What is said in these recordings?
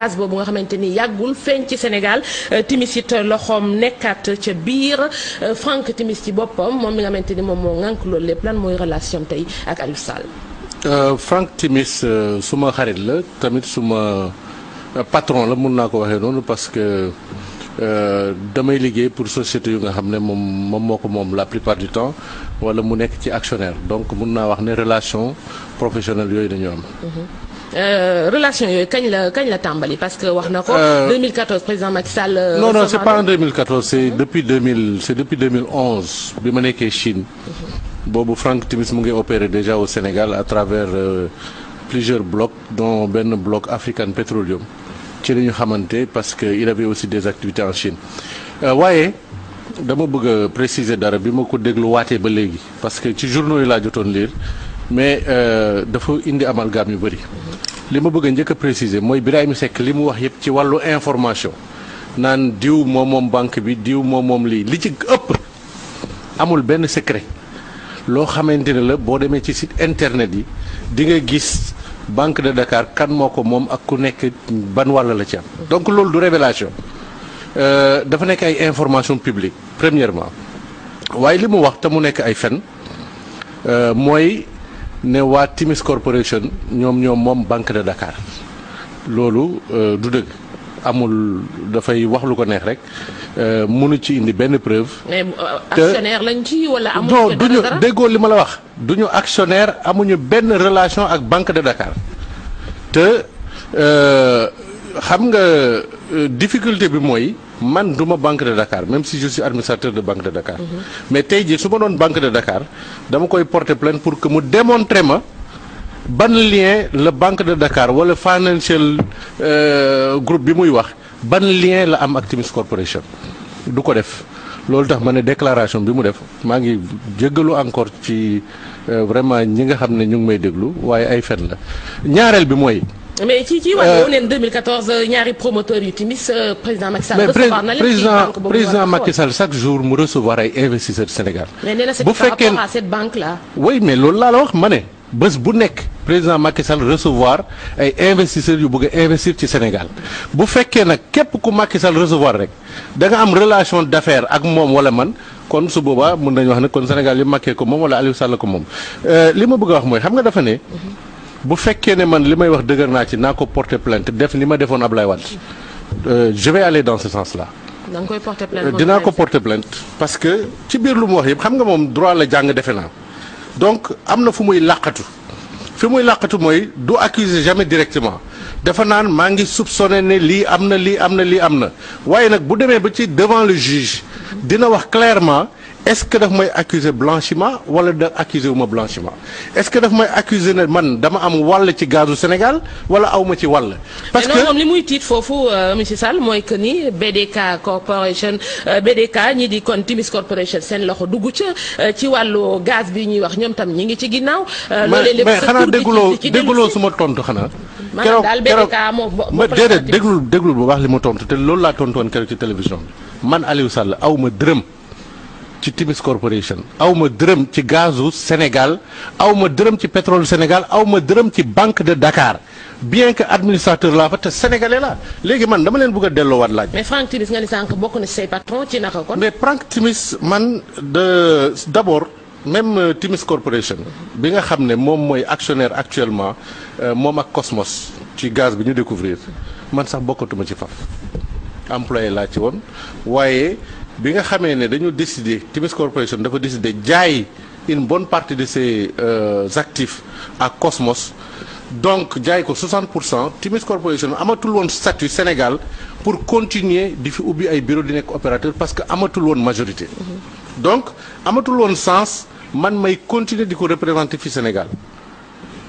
gaz boobu nga xamante ni yàggul feeñ ci Sénégal euh, timis it loxoom nekkaat ca biir euh, Franck Timis ci boppam moom mi nga xamante ni moom moo ŋànk loolu lépp lan mooy relation tey ak Aliou Sall. Euh, franc Timis suma xarit la tamit suma patron la mun naa ko waxee noonu parce que damay liggéey pour société yu nga xam ne moom moom moo ko moom la plupart du temps wala mu nekk ci actionnaire donc mun naa wax ne relation professionnelle yooyu dañu am. Mhm. Euh, relation yoy il la kañ la parce que waxnako 2014 euh, président Macky Sall. Euh, non non c'est pas en 2014 mhm. c'est depuis 2000 c'est depuis 2011 bima ma Chine. Mhm. bobu Franck Timis mu ngi opéré déjà au Sénégal à travers plusieurs blocs dont Ben bloc African Petroleum ci liñu xamanté parce que avait aussi des activités en Chine wayé dama bëgg voudrais préciser dara bima ko déglu waté ba légui parce que ci journaux je laa jotoon lire. mais euh, dafa indi amalgame yu bëri. li ma bëgg njëkk a préciser mooy mu Seck li mu wax yëpp ci wàllu information naan diw moom moom banque bi diw moom moom lii li ci ëpp amul benn secret loo xamante ne la boo demee ci site internet yi di nga gis. banque de Dakar kan moo ko moom ak ku nekk ban wàll la ci donc loolu du révélation euh, dafa nekk ay information publique premièrement waaye li mu wax te mu nekk ay fen euh, mooy ne waa Timis Corporation ñoom ñoom moom banque de Dakar loolu euh, du dëgg amul dafay waxlu ko neex rek euh, mënu ci indi benn preuve. mais euh, lañ ci wala. amuñu non duñu déggoo li ma la wax duñu actionnaire amuñu benn relation ak banque de Dakar te xam nga difficulté bi mooy. man du ma banque de Dakar même si je suis administrateur de banque de Dakar. mais tey jii su ma doon banque de Dakar dama koy porter plainte pour que mu démontrer ma ban lien la banque de Dakar wala financial euh, groupe bi muy wax ban lien la am ak Timis Corporation du ko def. loolu tax ma ne déclaration bi mu def maa ngi jéggalu encore ci euh, vraiment ñi nga xam ne ñu ngi may déglu waaye ay fen la ñaareel bi mooy. mais ci ci wàllu euh, neen 2014 euh, ñaari promoteur yu timis euh, président Macky Sall. recevoir na leen président Macky Sall chaque jour mu recevoir ay investisseurs Sénégal. bu fekkee mais cette banque là. oui mais loolu laa la ma ne bés bu nekk président Macky Sall recevoir ay investisseurs yu bëgg a investir ci Sénégal bu fekkee nag képp ku Macky Sall recevoir rek danga am relation d'affaires ak moom wala man kon su boobaa mën nañu wax ne kon Sénégal yi Macky ko moom wala Aliou Sall ko moom li ma bëgg a wax mooy xam nga dafa ne. bu fekkee ne man li may wax dëgër naa ci naa ko porter plainte def li ma defoon Ablaye Wade euh, je vais aller dans ce sens là. da euh, dinaa ko porter plainte. parce que ci biir lu mu wax yëpp xam nga moom droit la jàng defe naa donc am na fu muy làqatu fi muy làqatu mooy du accuser jamais directement dafa naan maa ngi soupçonné ne lii am na lii am na lii am na waaye nag bu demee ba ci devant le juge dina wax clairement est-ce que daf may accuser blanchiment wala da accuser wu ma blanchiment est-ce que daf may accuser ne man dama am wàll ci gazu Sénégal wala awma ci wàll. parce que non li muy tit Fofu, euh, monsieur Sall moy que ni BDK corporation euh, BDK ñi di kon Timis corporation sen loxo dugg ci euh, ci wàllu gaz bi ñuy wax ñom tam ñi ngi ci ginnaw mais xana dégguloo dégguloo suma tontu xana kéro keroog ma déedéet déglul déglul bu baax li ma tontu té loolu la tontu woon ci télévision man Aliou Sall awma ma dërëm. ci Timis Corporation aw ma dërëm ci gazu Sénégal aw ma dërëm ci pétrole Sénégal aw ma dërëm ci banque de Dakar bien que administrateur laa fa te sénégalais la léegi man dama leen bëgg a delloowaat laaj. mais Frank Timis nga ni sànq bokk na say patron ci naka kon. Frank Timis man de d' abord même euh, Timis Corporation bi nga xam ne moom mooy actionnaire actuellement euh, moom ak Cosmos ci gaz bi ñu découvrir man sax bokkatuma ci faf employé laa ci woon waaye. bi nga xamee ne dañu Timis Corporation dafa décider jaay une bonne partie de ses euh, actifs à Cosmos donc jaay ko 60 Timis Corporation amatul woon statut Sénégal pour continuer di fi ubbi ay bureau parce nekk opérateur parce que amatul woon majorité mhm. donc amatul woon sens man may continuer de représenter le Sénégal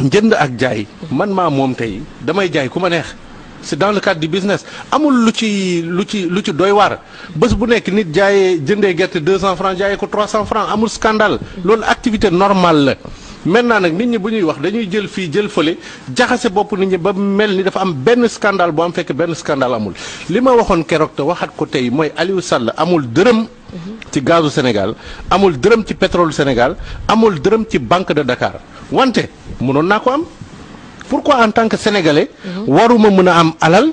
njënd ak jaay man maa moom tey damay jaay ku ma neex c'est dans le cadre du business amul lu ci lu ci lu ci doy waar bés bu nekk nit jaayee jëndee gerte 200 francs jaayee ko 300 francs amul scandale loolu activité normal la maintenant nag nit ñi bu ñuy wax dañuy jël fii jël fële jaxase bopp nit ñi ba mel ni dafa am benn scandale bu am fekk benn scandale amul li ma waxoon keroog te waxaat ko tey mooy Aliou Sall amul dërëm ci gazu Sénégal amul dërëm ci pétrole Sénégal amul dërëm ci banque de Dakar wante mënoon naa ko am pourquoi en tant que sénégalais. waruma mën a am alal.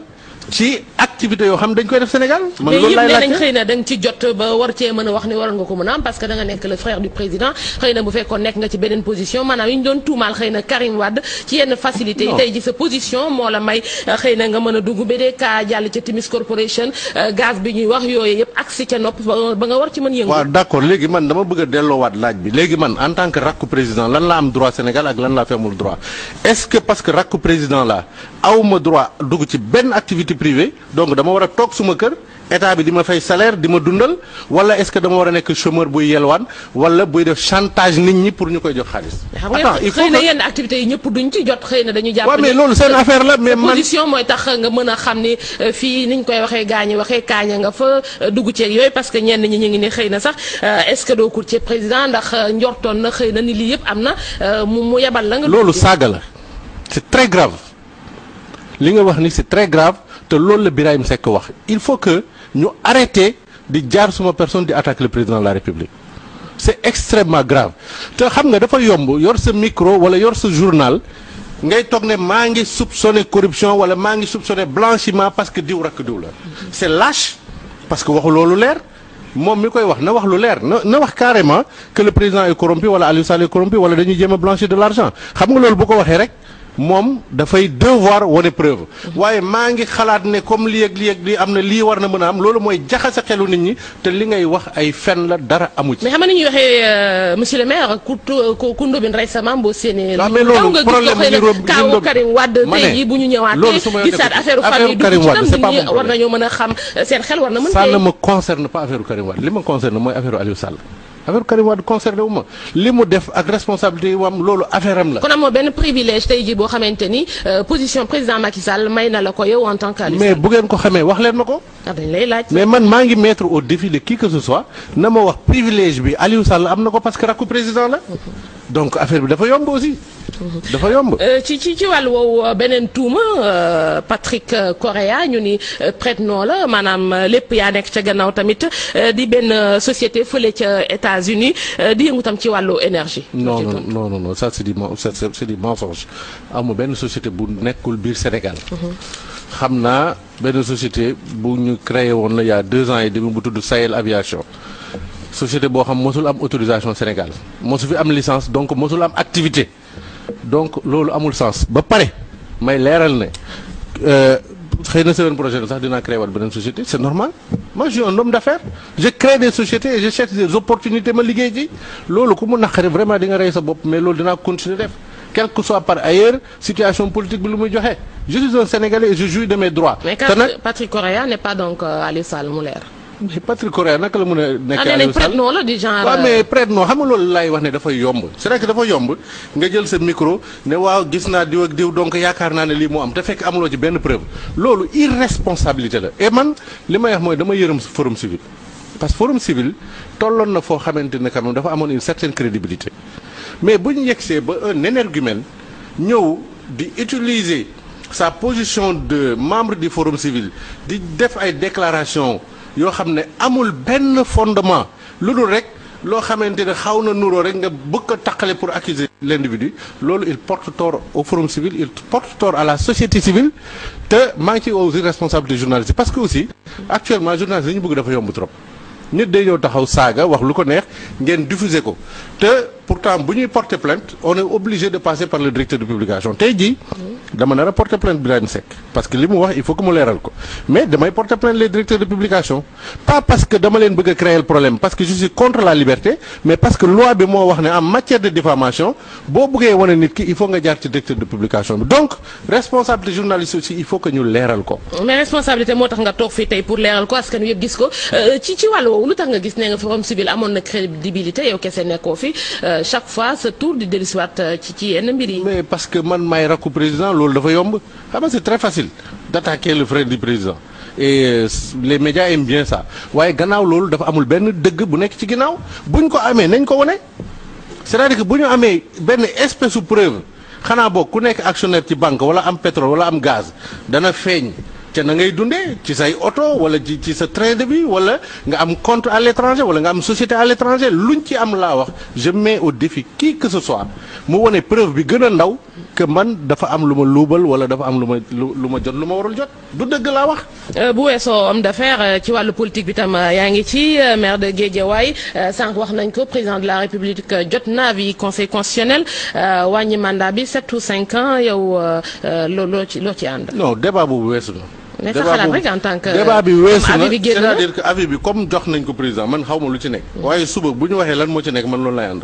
ci activité yo xam dañ koy def Sénégal. man loolu laay laajte mais yëpp nee ci jot ba war ci mën wax ni waroon nga ko mën am parce que da nga nek le frère du président xeyna bu fekkoon nek nga ci benen position manam ñu doon tout mal xeyna Karim wad ci yenn facilité tay ji sa position mo la may euh, xeyna nga mën dugg BDK jall ci Timis Corporation euh, gaz bi ñuy wax yooyu yëpp ci ca nopp ba nga war ci mën yëngu. wa d'accord léegi man dama bëgg a wat laaj bi léegi man en tant que rakku président lan la am droit Sénégal ak lan la fi droit est-ce que parce que rakku président la awma droit dugg ci benn activité privé donc dama war a toog suma kër état bi di ma fay salaire di ma dundal wala est-ce que dama war a nekk chômeur buy yelwaan wala buy def chantage nit ñi pour ñu koy jot xaalis. attends xëy na yenn activités yi ñëpp duñ ci jot xëy na dañu jàpp. waaw mais loolu seen euh, affaire la mais man position mooy tax a xam ni euh, fii niñ koy waxee gaañi waxee kaaña nga fa euh, dugg ceeg yooyu parce que ñenn ñi ñu ngi ne xëy na sax est-ce que doo kur ci président ndax njortoon na na ni lii yëpp am na mu la nga. loolu saaga la c'est très grave li nga wax ni c'est très te loolu la Birahim Seck wax il faut que ñu arrêter di sur suma personne di attaquer le président de la République C'est extrêmement grave te xam nga dafa yomb yor ce micro wala yor journal, journal ngay toog ne maa soupçonner la corruption wala maa ngi le blanchiment parce que diw rakk diw C'est lâche parce que waxu loolu leer moom mi koy wax na wax lu leer na wax carrément que le président est corrompu wala Aliou Sall est corrompu wala dañuy jéem a blanchir de l'argent. Tu xam nga loolu bu ko waxee rek moom dafay devoir wane preuve waaye maa ngi xalaat ne comme lii ak lii ak lii am na lii war na mën a am loolu mooy jaxase xelu nit ñi te li ngay wax ay fen la dara amu ci. mais xam nga ni ñuy waxee euh, monsieur le maire ku ku Ndobine récemment boo séenee. waaw ah, mais loolu problème mu ngi rob kaawu Karim Wade tey bu ñu ñëwaatee gisaat affaire famille du ci tam nit ñi a xam seen xel war na mën. ça ne me concerne pas affaire Karim Wade li ma concerne mooy affaire Aliou Sall. affaire Karim Wade concerné wu ma li def ak responsabilité wam lolu affaire am la. kon amoo ben privilège tey jii boo xamante ni euh, position président Macky Sall may na la ko yow en tant que. mais bu ngeen ko xamé wax len ma ah, dañ lay laaj. mais man mangi mettre au défi de qui que ce soit na ma wax privilège bi Aliou Sall am ko parce que rakou président la. Mm-hmm donc affaire bi dafa yomb aussi. dafa yomb. Euh, ci ci euh, euh, Patrick Correa ñu prête la tu lepp ya que tamit di société feulé que États-Unis dit que ci énergie. non non non non ça c'est du mensonge société bu Sénégal. ben société bu ñu créé won il y a deux ans et demi bu tudd Sahel Aviation société bo xam mosul am autorisation Sénégal mosu fi am licence donc mosul am activité donc lolu amul sens ba paré may léral né euh xeyna semaine projet sax dina créer waat benen société c'est normal moi je suis un homme d'affaires je crée des sociétés et je cherche des opportunités ma liguey ji lolu ku mu naqari vraiment di nga rey sa bop mais lolu dina continuer def quel que soit par ailleurs situation politique bi lu muy joxe je suis un Sénégalais et je jouis de mes droits. mais Patrick Correa n'est pas donc euh, Aliou Sall mu mais Patrick Correa naka la mun a. nekk ah, Aliou Sall non la di genre. Euh, mais prête non xam nga loolu laay wax ne dafa yomb c'est vrai que dafa yomb nga jël sa micro ne waaw gis naa diw ak diw donc yaakaar naa ne lii moo am te fekk amuloo ci benn preuve loolu irresponsabilité la et man li may wax mooy dama yërëm forum civil. parce que forum civil tolloon na foo xamante ne quand même dafa amoon une certaine crédibilité mais bu ñu yegsee ba un énergumène ñëw di utiliser sa position de membre di forum civil di def ay déclaration yo xam amul ben fondement lu rek lo xamante ne xaw rek nga bëgg pour accuser l'individu loolu il porte tort au forum civil il porte tort à la société civile te manki responsable aux irresponsables du parce que aussi actuellement le journalisme ñu bëgg dafa yomb trop nous day ñëw taxaw saga wax devons ko neex diffuser ko te pourtant si nous porter plainte on est obligé de passer par le directeur de publication tey di, dama nar a plainte Birahim Seck parce que li wax il faut que je leeral ko mais vais porter plainte les directeur de publication pas parce que dama leen créer le problème parce que je suis contre la liberté mais parce que loi en matière de diffamation boo bëggee wane nit ki il faut que jaar ci directeur de publication Donc, responsable des journaliste aussi il faut que nous leeral ko. mais responsabilité moi, je nga vous fii pour l'air ko parce que nous gis ko euh, ci boobu nga gis ne nga forum civil amone na crédibilité yow kese nekkoo fi euh, chaque fois ce tour du dellusiwaat euh, ci ci yenn mais parce que man maïra, rakku président lolou dafa yomb xam c'est très facile d'attaquer le frère du président et euh, les médias aiment bien ça ouais gannaaw lolou dafa amul ben deug bu nek ci ginnaaw buñ ko amé nañ ko c'est-à-dire que buñu amé ben espèce ou preuve xana boog ku actionnaire ci banque wala am pétrole wala am gaz dana feeñ ci na ngay dundee ci say auto wala ci ci sa train de vie wala nga am compte à l'étranger wala nga am société à l'étranger luñ ci am la wax je mets au défi qui que ce soit mu woné preuve bi gëna a ndaw que man dafa am luma loubal wala dafa am luma luma jot luma warul jot du deug la wax. Euh, bu weesoo homme d'affaires euh, ci walu politique bi tam euh, yaangi ci maire de Guédiawaye sank wax nañ ko président de la république jot na avis conseil constitutionnel wañi mandat bi 7 ou 5 ans yow loo loo ci loo ci ànd. non débat bu wesso mais sa xalaat rek en tant que débat bi weesu na c'est-à-dire que avis comme jox nañ ko président man xaw ma lu ci nekk. Mm. waaye suba bu ñu waxee lan moo ci nekk man loolu lay ànd.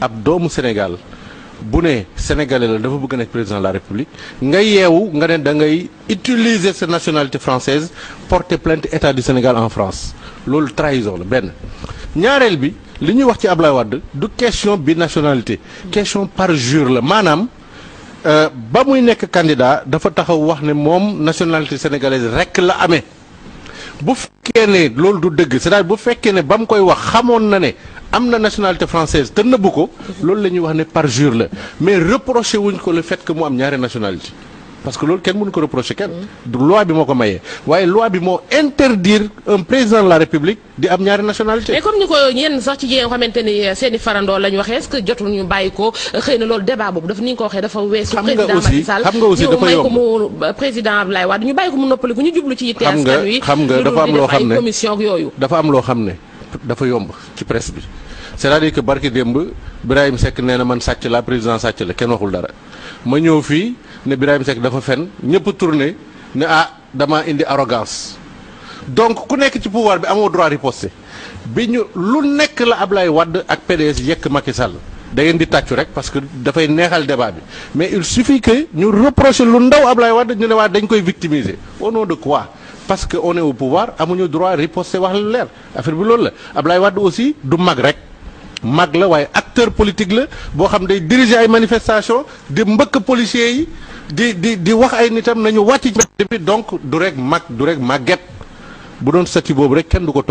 ab Sénégal bu sénégalais la dafa bëgg président de la république nga yeewu nga ne da ngay utiliser sa nationalité française porter plainte état du Sénégal en France loolu trahison la benn. ñaareel bi li ñuy wax ci Ablaye Wade du question bi nationalité question parjure la maanaam euh, ba muy nekk candidat dafa taxaw wax ne nationalité sénégalaise rek la amee bu fekkee ne loolu du dëgg c'est-à-dire bu fekkee ne ba mu koy wax xamoon na ne am na nationalité française te nëbbu ko loolu la ñuy wax ne parjure la mais reprocher wuñ ko le fait que mu am ñaari nationalité parce que loolu kenn mënu ko reproché kenn mm. loi bi moo ko mayee waaye loi bi moo interdire un président de la république di am ñaari nationalité mais comme ni ko ñenn sax ci ñoo xamante ni eh, seen i farandoo lañ waxee est-ce que jotul ñu bàyyi ko xëy na loolu débat boobu dafa ni ko waxee dafa weesu président Macky Sall xam nga aussi dafa yomb ñu may ko mu euh, président Abdoulaye Wade ñu bàyyi ko mu noppaliku ñu jublu ci yitte askan wi xam nga dafa am loo xam ne commission yooyu dafa am loo xam ne dafa yomb ci presse bi c'est-à-dire que barki démb Birahim sekk nee na man sàcc la président sàcc la kenn waxul dara ma ñëw fii ne Birahim Seck dafa fen ñëpp tourné ne ah damaa indi arrogance donc ku nekk ci pouvoir bi amoo droit riposter bi ñu lu nekk la Ablaye Wade ak PDS yekk Macky Sall da ngeen di tàccu rek parce que dafay neexal débat bi mais il suffit que ñu reprocher lu ndaw Ablaye Wade ñu ne waa dañ koy victimiser au nom de quoi parce que on est au pouvoir amuñu droit riposter wax l'air. affaire bi loolu la Ablaye Wade aussi du mag rek mag acteur politique le, boo des dirigeants diriger ay manifestation di policiers yi di di di wax ay nitam donc du rek mag du rek màgget bu doon statut boobu rek du ko